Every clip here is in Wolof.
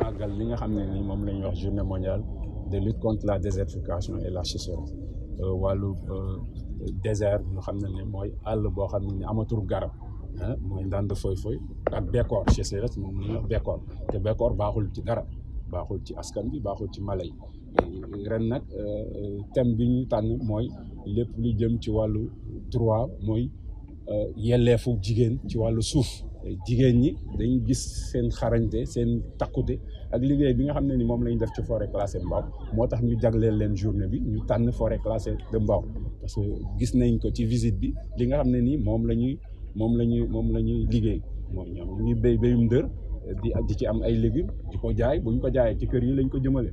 màggal li nga xamné ni mom lañ wax journée mondiale de lutte contre la désertification et la sécheresse euh wàllu euh, désert ñu xamné ni moy all bo xamné ni amatur garab hein, mooy ndànd foy foy ak bekkoor sécheresse mom la ñuy wax bekkoor te bekkoor baaxul ci dara baaxul ci askan bi baaxul ci malay yi ren nag euh, euh, thème bi ñu tànn moy lepp lu jëm ci wàllu droit mooy yelleefu jigen ci walu suuf jigéen ñi dañ gis seen xarañte seen takkute ak liggéey bi nga xam ne ni moom lañ def ci forêt classée Mbao moo tax ñu jagleel leen journée bi ñu tànn forêt classée de Mbao parce que gis nañ ko ci visite bi li nga xam ne ni moom la ñuy moom la ñuy moom la ñuy liggéey moom ñoom ñu ngi béy béyum dër di di ci am ay légumes di ko jaay bu ñu ko jaayee ci kër yi lañ ko jëmale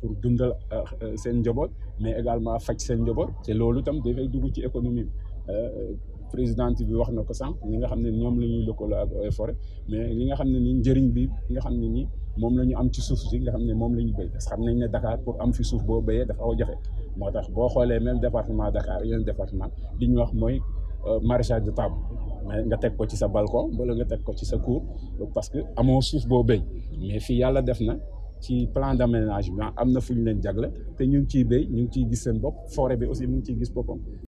pour dundal euh, seen njaboot mais également faj seen njaboot te loolu tam dafay dugg ci économie bi Euh, président bi wax na ko sànq ñi nga xam ne ñoom la ñuy lëkkaloo ak forêt mais li nga xam ne ni njëriñ bi nga xam ne ni moom la ñu am ci suuf si nga xam ne moom la ñu béy xam nañ ne Dakar pour am fi suuf boo béyee dafa aw jafe moo tax boo xoolee même département Dakar yeneen département li ñu wax mooy euh, maraîchage de table mais nga teg ko ci sa balcon wala nga teg ko ci sa cour parce que amoo suuf boo béy mais fii yàlla def na ci plan d'aménagement am na fu ñu leen jagle te ñu ngi ciy béy ñu ngi ciy gis seen bopp forêt bi aussi mu ngi ciy gis boppam